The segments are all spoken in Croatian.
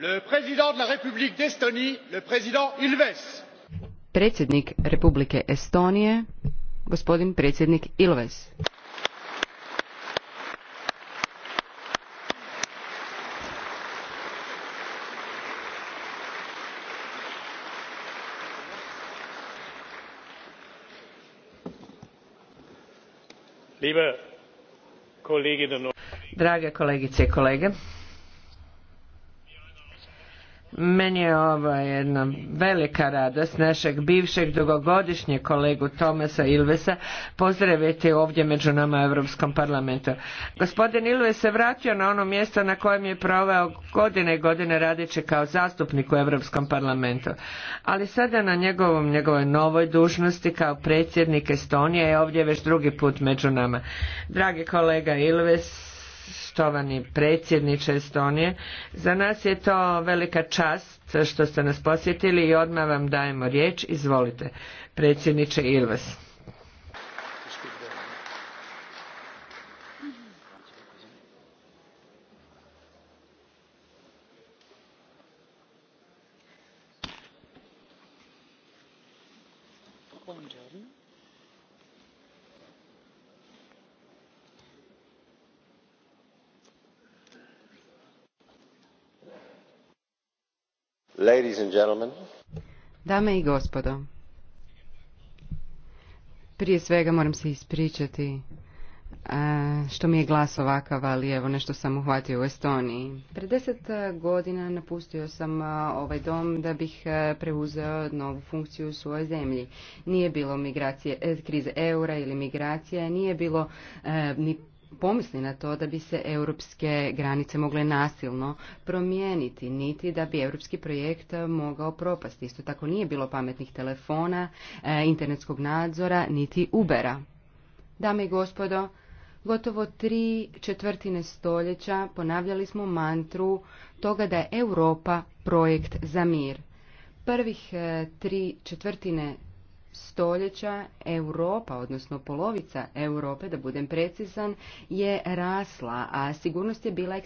Le président de la République d'Estonie, le président Ilves. Predsjednik Republike Estonije, gospodin predsjednik Ilves. Drage kolegice i kolege, meni je ovo jedna velika radost našeg bivšeg dugogodišnjeg kolegu Tomasa Ilvesa pozdraviti ovdje među nama u Europskom parlamentu. Gospodin Ilves se vratio na ono mjesto na kojem je proveo godine i godine radeći kao zastupnik u Europskom parlamentu. Ali sada na njegovom, njegovoj novoj dužnosti kao predsjednik Estonije je ovdje već drugi put među nama. Dragi kolega Ilves, štovani predsjedniče Estonije. Za nas je to velika čast što ste nas posjetili i odmah vam dajemo riječ. Izvolite, predsjedniče Ilves. Dame i gospodo, prije svega moram se ispričati e, što mi je glas ovakav, ali evo nešto sam uhvatio u Estoniji. Pred deset e, godina napustio sam e, ovaj dom da bih preuzeo novu funkciju u svojoj zemlji. Nije bilo migracije, krize eura ili migracije, nije bilo ni pomisli na to da bi se europske granice mogle nasilno promijeniti, niti da bi europski projekt mogao propasti. Isto tako nije bilo pametnih telefona, e, internetskog nadzora, niti Ubera. Dame i gospodo, gotovo tri četvrtine stoljeća ponavljali smo mantru toga da je Europa projekt za mir. Prvih e, tri četvrtine stoljeća Europa, odnosno polovica Europe, da budem precizan, je rasla, a sigurnost je bila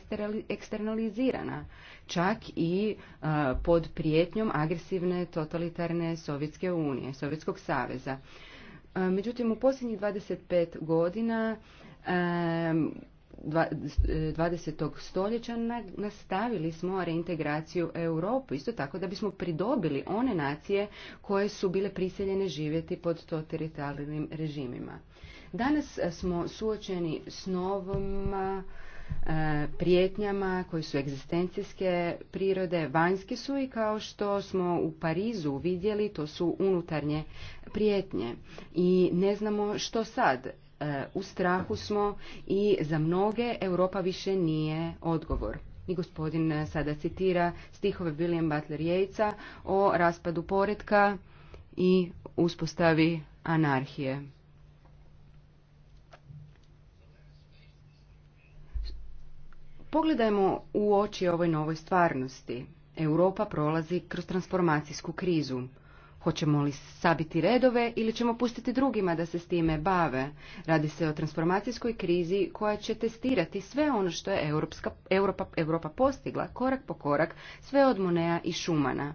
eksternalizirana, čak i e, pod prijetnjom agresivne totalitarne Sovjetske unije, Sovjetskog saveza. E, međutim, u posljednjih 25 godina e, 20. Eh, stoljeća nastavili smo reintegraciju Europu, isto tako da bismo pridobili one nacije koje su bile prisiljene živjeti pod totalitarnim režimima. Danas eh, smo suočeni s novom eh, prijetnjama koji su egzistencijske prirode, Vanjske su i kao što smo u Parizu vidjeli, to su unutarnje prijetnje. I ne znamo što sad. E, u strahu smo i za mnoge Europa više nije odgovor. I gospodin e, sada citira stihove William Butler Jejca o raspadu poretka i uspostavi anarhije. Pogledajmo u oči ovoj novoj stvarnosti. Europa prolazi kroz transformacijsku krizu. Hoćemo li sabiti redove ili ćemo pustiti drugima da se s time bave? Radi se o transformacijskoj krizi koja će testirati sve ono što je Europska, Europa, Europa postigla korak po korak, sve od Monea i Šumana.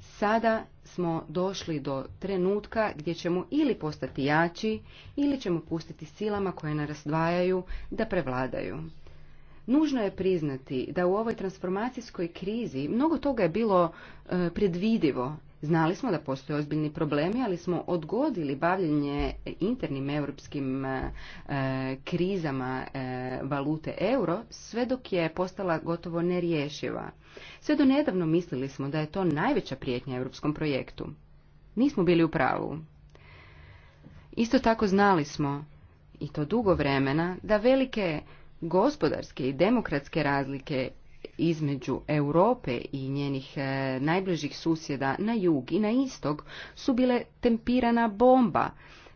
Sada smo došli do trenutka gdje ćemo ili postati jači ili ćemo pustiti silama koje nas razdvajaju da prevladaju. Nužno je priznati da u ovoj transformacijskoj krizi mnogo toga je bilo e, predvidivo, Znali smo da postoje ozbiljni problemi, ali smo odgodili bavljenje internim europskim e, krizama e, valute euro sve dok je postala gotovo nerješiva. Sve do nedavno mislili smo da je to najveća prijetnja europskom projektu. Nismo bili u pravu. Isto tako znali smo, i to dugo vremena, da velike gospodarske i demokratske razlike između Europe i njenih e, najbližih susjeda na jug i na istog su bile tempirana bomba,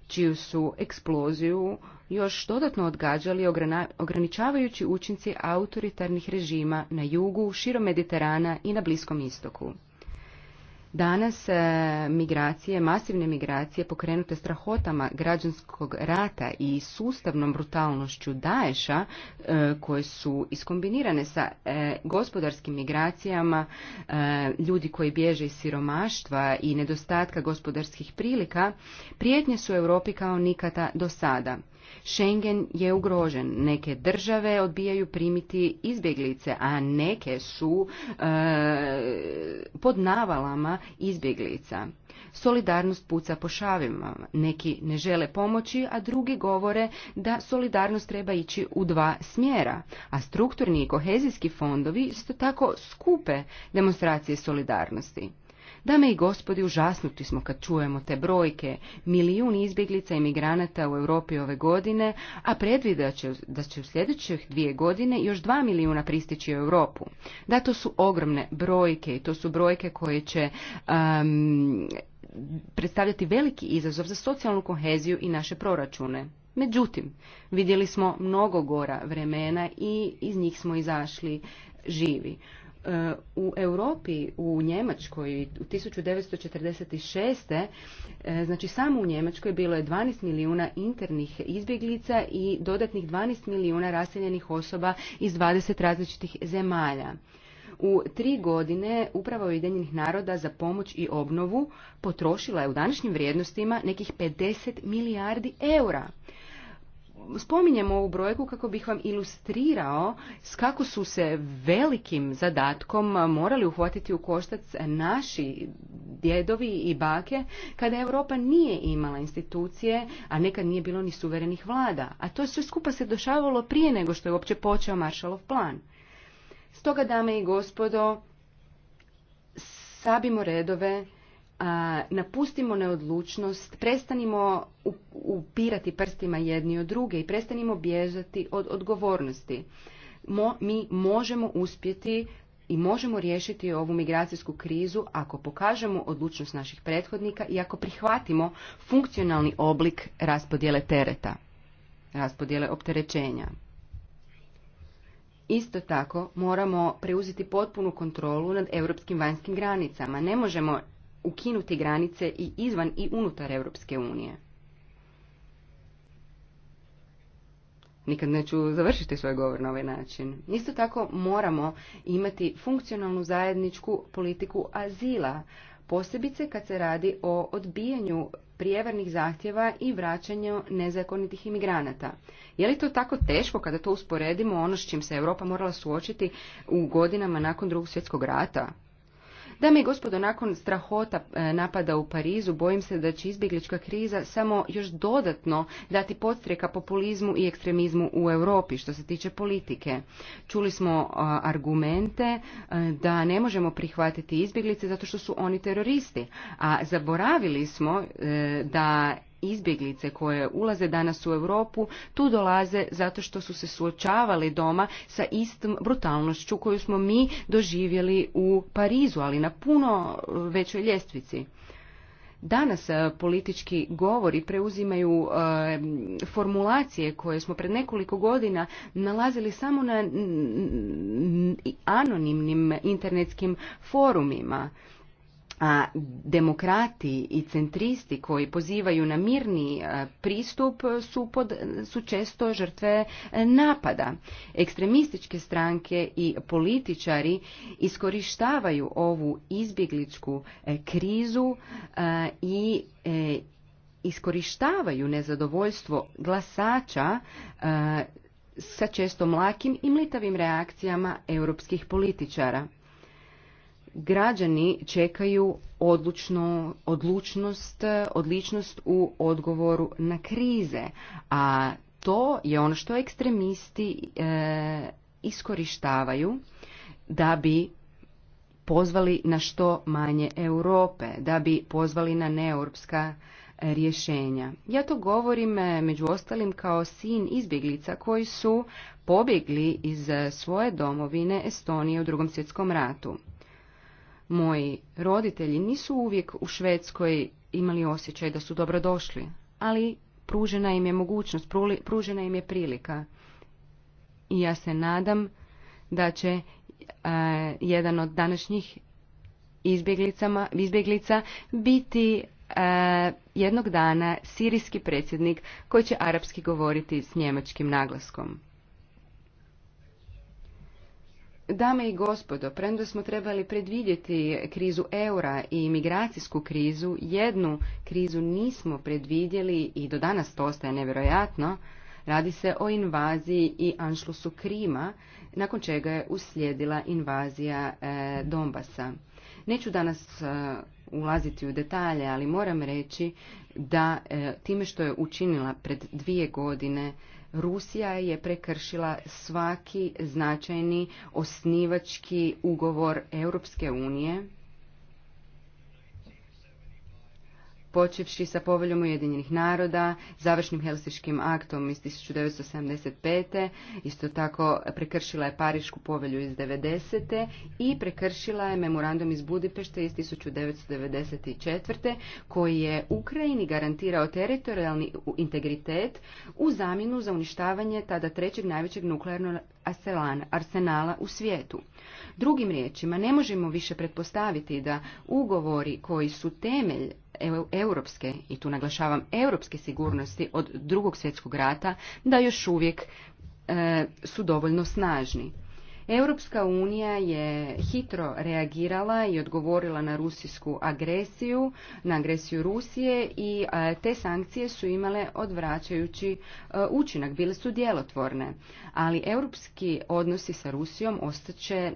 čiju su eksploziju još dodatno odgađali ograničavajući učinci autoritarnih režima na jugu, širom Mediterana i na Bliskom istoku. Danas e, migracije, masivne migracije pokrenute strahotama građanskog rata i sustavnom brutalnošću Daesha e, koje su iskombinirane sa e, gospodarskim migracijama ljudi koji bježe iz siromaštva i nedostatka gospodarskih prilika, prijetnje su Europi kao nikada do sada. Schengen je ugrožen. Neke države odbijaju primiti izbjeglice, a neke su e, pod navalama izbjeglica. Solidarnost puca po šavima. Neki ne žele pomoći, a drugi govore da solidarnost treba ići u dva smjera. A strukturni i kohezijski fondovi isto tako skupe demonstracije solidarnosti. Dame i gospodi, užasnuti smo kad čujemo te brojke. Milijun izbjeglica i migranata u Europi ove godine, a predvida će da će u sljedećih dvije godine još dva milijuna pristići u Europu. Da, to su ogromne brojke i to su brojke koje će... Um, predstavljati veliki izazov za socijalnu koheziju i naše proračune. Međutim, vidjeli smo mnogo gora vremena i iz njih smo izašli živi u Europi, u Njemačkoj, u 1946. E, znači samo u Njemačkoj bilo je 12 milijuna internih izbjeglica i dodatnih 12 milijuna raseljenih osoba iz 20 različitih zemalja. U tri godine uprava Ujedinjenih naroda za pomoć i obnovu potrošila je u današnjim vrijednostima nekih 50 milijardi eura spominjem ovu brojku kako bih vam ilustrirao s kako su se velikim zadatkom morali uhvatiti u koštac naši djedovi i bake kada Europa nije imala institucije, a nekad nije bilo ni suverenih vlada. A to sve skupa se došavalo prije nego što je uopće počeo Maršalov plan. Stoga, dame i gospodo, sabimo redove, napustimo neodlučnost, prestanimo upirati prstima jedni od druge i prestanimo bježati od odgovornosti. mi možemo uspjeti i možemo riješiti ovu migracijsku krizu ako pokažemo odlučnost naših prethodnika i ako prihvatimo funkcionalni oblik raspodjele tereta, raspodjele opterećenja. Isto tako moramo preuzeti potpunu kontrolu nad europskim vanjskim granicama. Ne možemo ukinuti granice i izvan i unutar Europske unije. Nikad neću završiti svoj govor na ovaj način. Isto tako moramo imati funkcionalnu zajedničku politiku azila, posebice kad se radi o odbijanju prijevarnih zahtjeva i vraćanju nezakonitih imigranata. Je li to tako teško kada to usporedimo ono s čim se Europa morala suočiti u godinama nakon drugog svjetskog rata? Dame i gospodo, nakon strahota e, napada u Parizu, bojim se da će izbjeglička kriza samo još dodatno dati podstreka populizmu i ekstremizmu u Europi što se tiče politike. Čuli smo e, argumente e, da ne možemo prihvatiti izbjeglice zato što su oni teroristi, a zaboravili smo da izbjeglice koje ulaze danas u Europu tu dolaze zato što su se suočavali doma sa istom brutalnošću koju smo mi doživjeli u Parizu, ali na puno eh, većoj ljestvici. Danas eh, politički govori preuzimaju eh, formulacije koje smo pred nekoliko godina nalazili samo na anonimnim internetskim forumima a demokrati i centristi koji pozivaju na mirni e, pristup su, pod, često žrtve e, napada. Ekstremističke stranke i političari iskorištavaju ovu izbjegličku e, krizu i iskorištavaju nezadovoljstvo glasača sa često mlakim i mlitavim reakcijama europskih političara građani čekaju odlučno, odlučnost, odličnost u odgovoru na krize, a to je ono što ekstremisti e, iskorištavaju da bi pozvali na što manje Europe, da bi pozvali na neeuropska rješenja. Ja to govorim e, među ostalim kao sin izbjeglica koji su pobjegli iz svoje domovine Estonije u drugom svjetskom ratu. Moji roditelji nisu uvijek u Švedskoj imali osjećaj da su dobrodošli, ali pružena im je mogućnost, pružena im je prilika. I ja se nadam da će e, jedan od današnjih izbjeglica biti e, jednog dana sirijski predsjednik koji će arapski govoriti s njemačkim naglaskom. Dame i gospodo, premda smo trebali predvidjeti krizu eura i migracijsku krizu, jednu krizu nismo predvidjeli i do danas to ostaje nevjerojatno. Radi se o invaziji i anšlusu Krima, nakon čega je uslijedila invazija e, Donbasa. Neću danas e, ulaziti u detalje, ali moram reći da e, time što je učinila pred dvije godine Rusija je prekršila svaki značajni osnivački ugovor Europske unije počevši sa poveljom Ujedinjenih naroda, završnim helsiškim aktom iz 1975. Isto tako prekršila je Parišku povelju iz 90. i prekršila je memorandum iz Budimpešte iz 1994. koji je Ukrajini garantirao teritorijalni integritet u zamjenu za uništavanje tada trećeg najvećeg nuklearnog arsenala u svijetu. Drugim riječima, ne možemo više pretpostaviti da ugovori koji su temelj europske, i tu naglašavam europske sigurnosti od drugog svjetskog rata, da još uvijek e, su dovoljno snažni. Europska unija je hitro reagirala i odgovorila na rusijsku agresiju, na agresiju Rusije i e, te sankcije su imale odvraćajući e, učinak, bile su djelotvorne. Ali europski odnosi sa Rusijom ostaće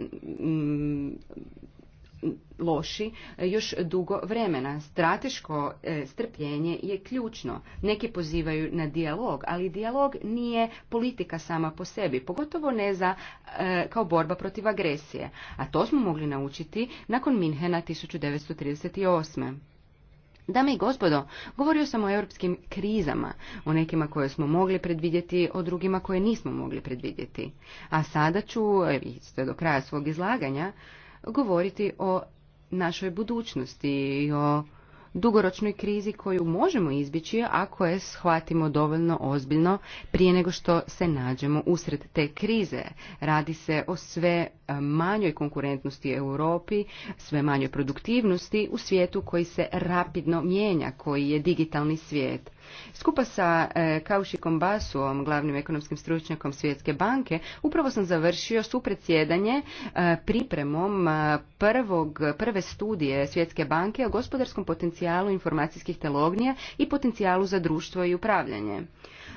loši e, još dugo vremena. Strateško e, strpljenje je ključno. Neki pozivaju na dijalog, ali dijalog nije politika sama po sebi, pogotovo ne za e, kao borba protiv agresije. A to smo mogli naučiti nakon Minhena 1938. Dame i gospodo, govorio sam o europskim krizama, o nekima koje smo mogli predvidjeti, o drugima koje nismo mogli predvidjeti. A sada ću, do kraja svog izlaganja, govoriti o našoj budućnosti i o dugoročnoj krizi koju možemo izbjeći ako je shvatimo dovoljno ozbiljno prije nego što se nađemo usred te krize. Radi se o sve e, manjoj konkurentnosti Europi, sve manjoj produktivnosti u svijetu koji se rapidno mijenja, koji je digitalni svijet. Skupa sa e, Kaušikom Basuom, glavnim ekonomskim stručnjakom Svjetske banke, upravo sam završio supredsjedanje e, pripremom e, prvog, prve studije Svjetske banke o gospodarskom potencijalu informacijskih telognija i potencijalu za društvo i upravljanje.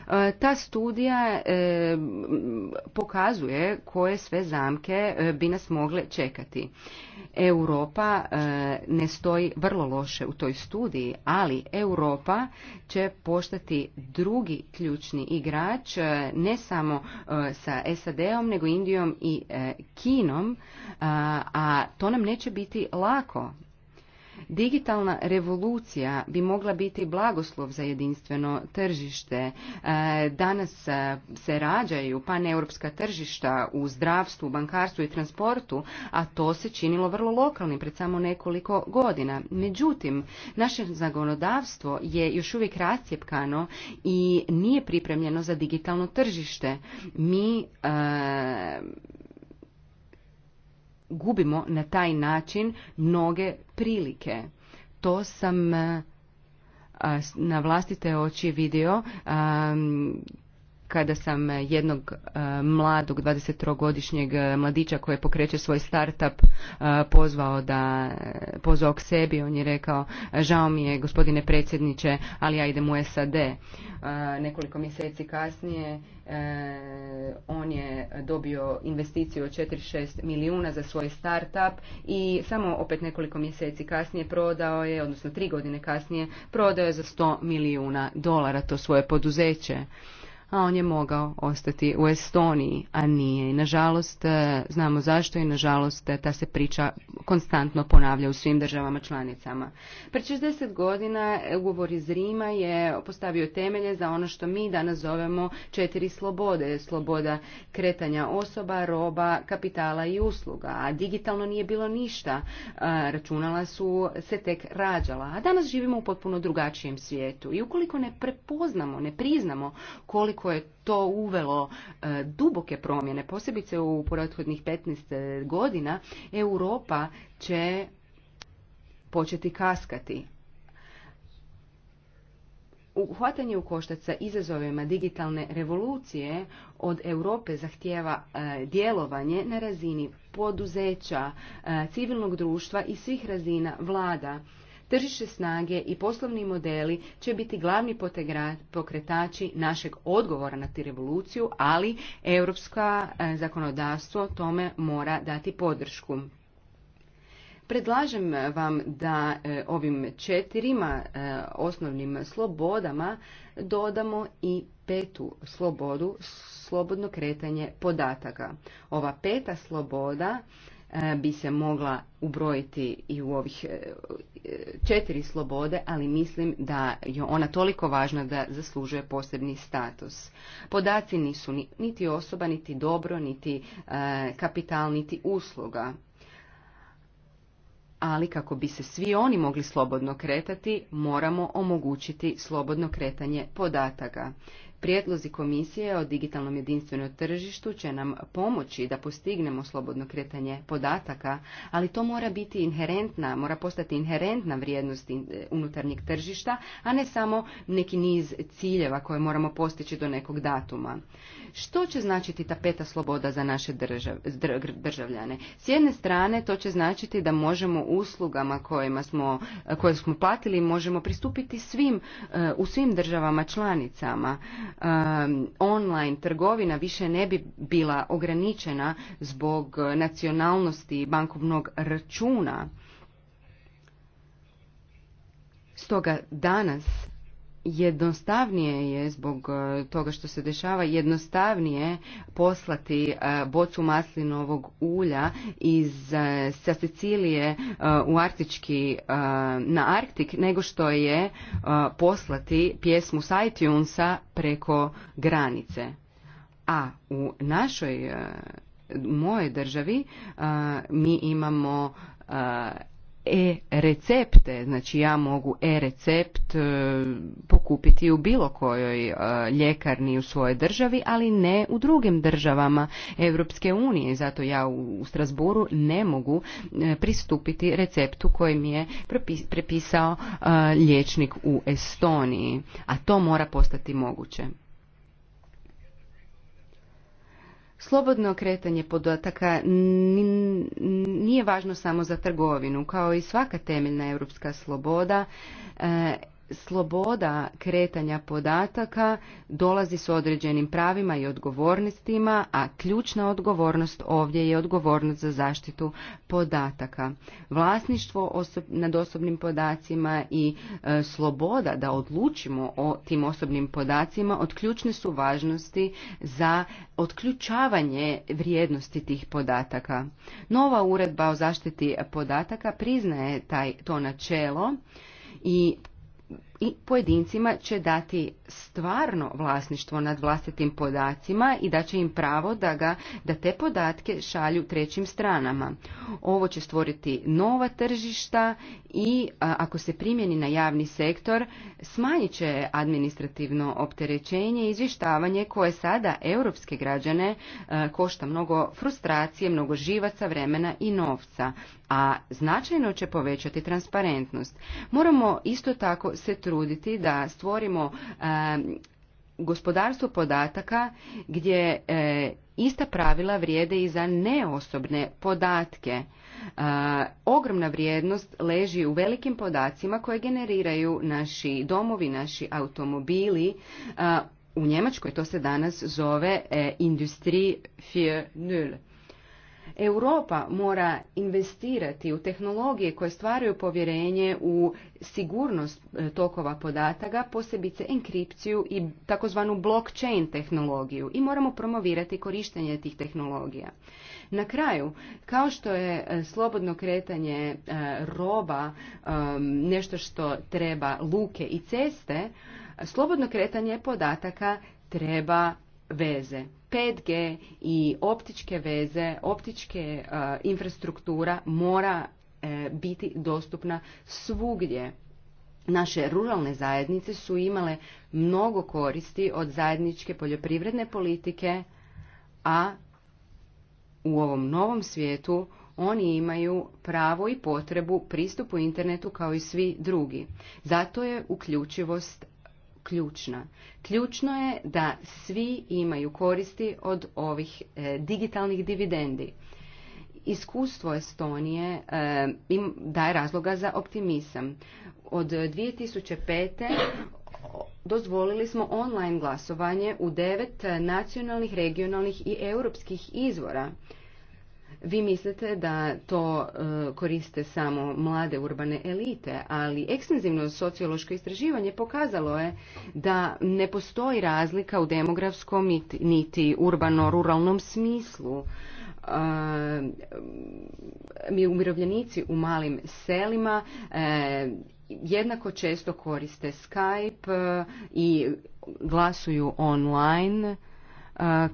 E, ta studija e, pokazuje koje sve zamke e, bi nas mogle čekati. Europa ne stoji vrlo loše u toj studiji, ali Europa će poštati drugi ključni igrač ne samo sa SAD-om, nego Indijom i Kinom, a to nam neće biti lako Digitalna revolucija bi mogla biti blagoslov za jedinstveno tržište. E, danas e, se rađaju paneuropska tržišta u zdravstvu, bankarstvu i transportu, a to se činilo vrlo lokalnim pred samo nekoliko godina. Međutim, naše zakonodavstvo je još uvijek rascijepkano i nije pripremljeno za digitalno tržište. Mi e, gubimo na taj način mnoge prilike. To sam eh, na vlastite oči vidio ehm, kada sam e, jednog e, mladog 23-godišnjeg e, mladića koji pokreće svoj startup pozvao da pozvao k sebi, on je rekao žao mi je gospodine predsjedniče, ali ja idem u SAD. Nekoliko mjeseci kasnije on je dobio investiciju od 4-6 milijuna za svoj startup i samo opet nekoliko mjeseci kasnije prodao je, odnosno tri godine kasnije, prodao je za 100 milijuna dolara to svoje poduzeće a on je mogao ostati u Estoniji, a nije. I nažalost, e, znamo zašto i nažalost e, ta se priča konstantno ponavlja u svim državama članicama. Pre 60 godina e, ugovor iz Rima je postavio temelje za ono što mi danas zovemo četiri slobode. Sloboda kretanja osoba, roba, kapitala i usluga. A digitalno nije bilo ništa. Računala su se tek rađala. A danas živimo u potpuno drugačijem svijetu. I ukoliko ne prepoznamo, ne priznamo koliko koliko je to uvelo e, duboke promjene, posebice u prethodnih 15 e, godina, Europa će početi kaskati. Uhvatanje u koštac sa izazovima digitalne revolucije od Europe zahtjeva e, djelovanje na razini poduzeća, civilnog društva i svih razina vlada. Tržište snage i poslovni modeli će biti glavni pokretači našeg odgovora na ti revoluciju, ali europska e, zakonodavstvo tome mora dati podršku. Predlažem vam da e, ovim četirima e, osnovnim slobodama dodamo i petu slobodu, slobodno kretanje podataka. Ova peta sloboda Eh, bi se mogla ubrojiti i u ovih eh, četiri slobode, ali mislim da je ona toliko važna da zaslužuje posebni status. Podaci nisu niti osoba, niti dobro, niti eh, kapital, niti usluga. Ali kako bi se svi oni mogli slobodno kretati, moramo omogućiti slobodno kretanje podataka. Prijedlozi komisije o digitalnom jedinstvenom tržištu će nam pomoći da postignemo slobodno kretanje podataka, ali to mora biti inherentna, mora postati inherentna vrijednost e, unutarnjeg tržišta, a ne samo neki niz ciljeva koje moramo postići do nekog datuma. Što će značiti ta peta sloboda za naše državljane? S jedne strane to će značiti da možemo uslugama smo, e, koje smo platili možemo pristupiti e, u svim državama članicama online trgovina više ne bi bila ograničena zbog nacionalnosti bankovnog računa. Stoga danas jednostavnije je zbog e, toga što se dešava jednostavnije poslati e, bocu maslinovog ulja iz e, sa Sicilije u Arktički na Arktik nego što je poslati pjesmu sa iTunesa preko granice. A u našoj mojoj državi mi imamo e-recepte, znači ja mogu e-recept e, pokupiti u bilo kojoj e, ljekarni u svojoj državi, ali ne u drugim državama Europske unije. Zato ja u Strasburu ne mogu e, pristupiti receptu koji mi je prepisao liječnik u Estoniji, a to mora postati moguće. Slobodno kretanje podataka važno samo za trgovinu. Kao i svaka temeljna europska sloboda, sloboda kretanja podataka dolazi s određenim pravima i odgovornostima, a ključna odgovornost ovdje je odgovornost za zaštitu podataka. Vlasništvo nad osobnim podacima i e, sloboda da odlučimo o tim osobnim podacima od ključne su važnosti za otključavanje vrijednosti tih podataka. Nova uredba o zaštiti podataka priznaje taj, to načelo i gori i pojedincima će dati stvarno vlasništvo nad vlastitim podacima i da će im pravo da ga da te podatke šalju trećim stranama. Ovo će stvoriti nova tržišta i ako se primjeni na javni sektor smanjit će administrativno opterećenje i izvještavanje koje sada europske građane košta mnogo frustracije, mnogo živaca, vremena i novca, a značajno će povećati transparentnost. Moramo isto tako se truditi da stvorimo gospodarstvo podataka gdje e, ista pravila vrijede i za neosobne podatke. E, ogromna vrijednost leži u velikim podacima koje generiraju naši domovi, naši automobili. E, u Njemačkoj to se danas zove Industrie 4.0. Europa mora investirati u tehnologije koje stvaraju povjerenje u sigurnost e, tokova podataka, posebice enkripciju i takozvanu blockchain tehnologiju i moramo promovirati korištenje tih tehnologija. Na kraju, kao što je e, slobodno kretanje e, roba nešto što treba luke i ceste, slobodno kretanje podataka treba veze. 5G i optičke veze, optičke infrastruktura mora e, biti dostupna svugdje. Naše ruralne zajednice su imale mnogo koristi od zajedničke poljoprivredne politike, a u ovom novom svijetu oni imaju pravo i potrebu pristupu internetu kao i svi drugi. Zato je uključivost ključna. Ključno je da svi imaju koristi od ovih e, digitalnih dividendi. Iskustvo Estonije e, im daje razloga za optimizam. Od 2005. dozvolili smo online glasovanje u devet nacionalnih, regionalnih i europskih izvora. Vi mislite da to e, koriste samo mlade urbane elite, ali ekstenzivno sociološko istraživanje pokazalo je da ne postoji razlika u demografskom niti urbano-ruralnom smislu. E, mi umirovljenici u malim selima e, jednako često koriste Skype i glasuju online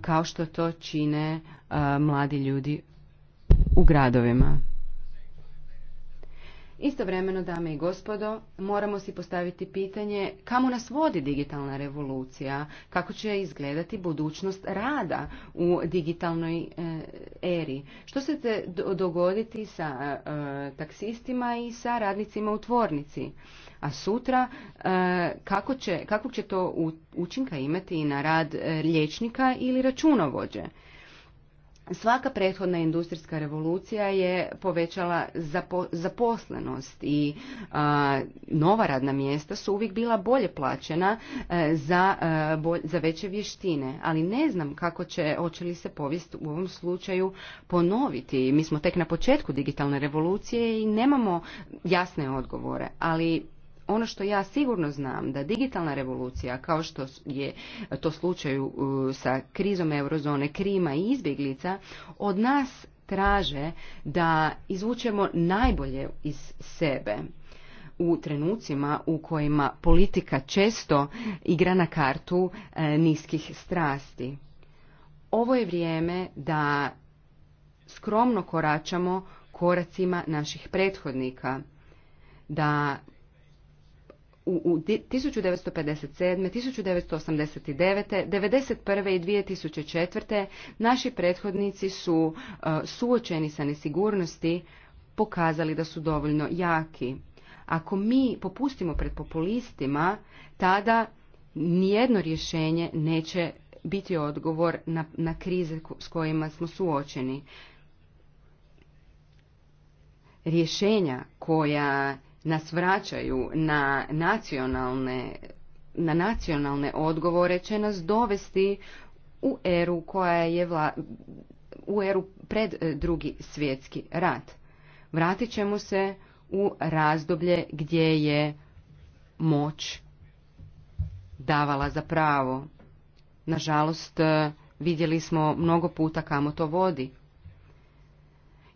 kao što to čine mladi ljudi u gradovima. Istovremeno, dame i gospodo, moramo si postaviti pitanje kamo nas vodi digitalna revolucija, kako će izgledati budućnost rada u digitalnoj eh, eri, što se te dogoditi sa eh, taksistima i sa radnicima u tvornici, a sutra eh, kako će, će to učinka imati na rad liječnika ili računovođe. Svaka prethodna industrijska revolucija je povećala zaposlenost i nova radna mjesta su uvijek bila bolje plaćena e, za, e, za veće vještine, ali ne znam kako će, hoće li se povijest u ovom slučaju ponoviti. Mi smo tek na početku digitalne revolucije i nemamo jasne odgovore, ali ono što ja sigurno znam da digitalna revolucija kao što je to slučaj sa krizom eurozone, krima i izbjeglica od nas traže da izvučemo najbolje iz sebe u trenucima u kojima politika često igra na kartu e, niskih strasti. Ovo je vrijeme da skromno koračamo koracima naših prethodnika, da u 1957. 1989. 1991. i 2004. naši prethodnici su e, suočeni sa nesigurnosti pokazali da su dovoljno jaki. Ako mi popustimo pred populistima, tada nijedno rješenje neće biti odgovor na, na krize s kojima smo suočeni. Rješenja koja nas vraćaju na nacionalne, na nacionalne odgovore će nas dovesti u eru koja je vla, u eru pred e, drugi svjetski rat. Vratit ćemo se u razdoblje gdje je moć davala za pravo. Nažalost, e, vidjeli smo mnogo puta kamo to vodi.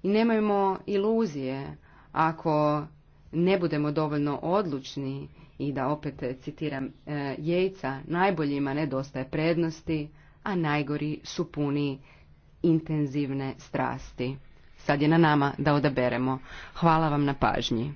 I nemojmo iluzije ako ne budemo dovoljno odlučni i da opet citiram e, jejca, najboljima nedostaje prednosti, a najgori su puni intenzivne strasti. Sad je na nama da odaberemo. Hvala vam na pažnji.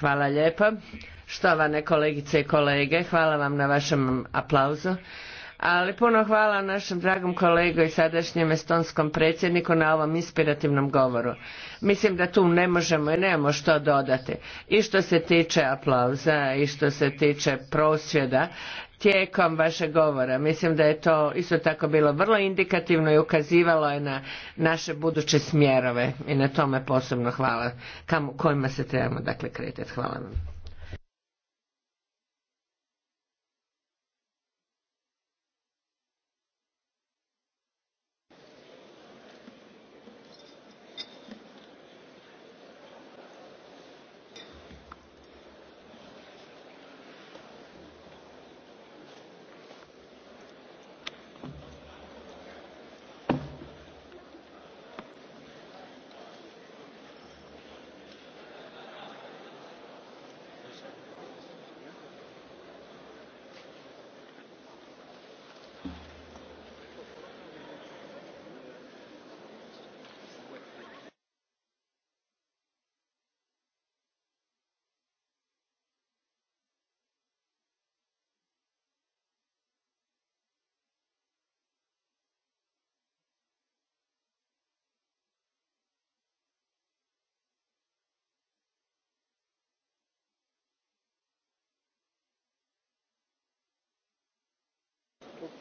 Hvala lijepa. Štovane kolegice i kolege, hvala vam na vašem aplauzu. Ali puno hvala našem dragom kolegu i sadašnjem estonskom predsjedniku na ovom inspirativnom govoru. Mislim da tu ne možemo i nemamo što dodati. I što se tiče aplauza, i što se tiče prosvjeda, tijekom vašeg govora. Mislim da je to isto tako bilo vrlo indikativno i ukazivalo je na naše buduće smjerove i na tome posebno hvala kojima se trebamo dakle kretati. Hvala vam.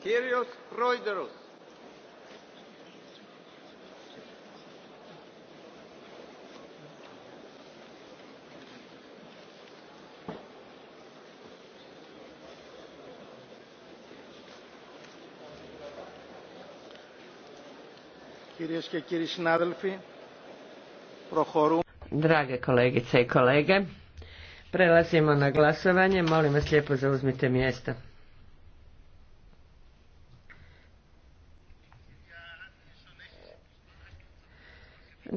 Kyrios Proideros. Κυρίες και κύριοι συνάδελφοι, προχωρούμε. Drage kolegice i kolege, prelazimo na glasovanje. Molim vas lijepo zauzmite mjesta.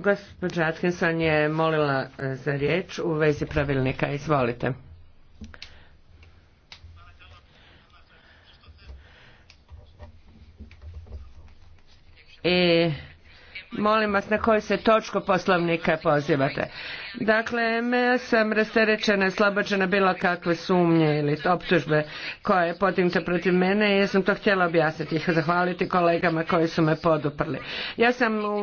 Gospođa Atkinson je molila e, za riječ u vezi pravilnika. Izvolite. I molim vas na koju se točku poslovnika pozivate. Dakle, ja sam rasterećena i slobođena bilo kakve sumnje ili optužbe koje je podignuta protiv mene i ja sam to htjela objasniti i zahvaliti kolegama koji su me poduprli. Ja sam u